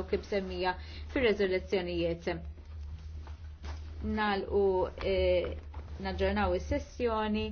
u kif semmija fir-reżoluzzjonijiet. Nalqu eh, naġġornaw is-sessjoni.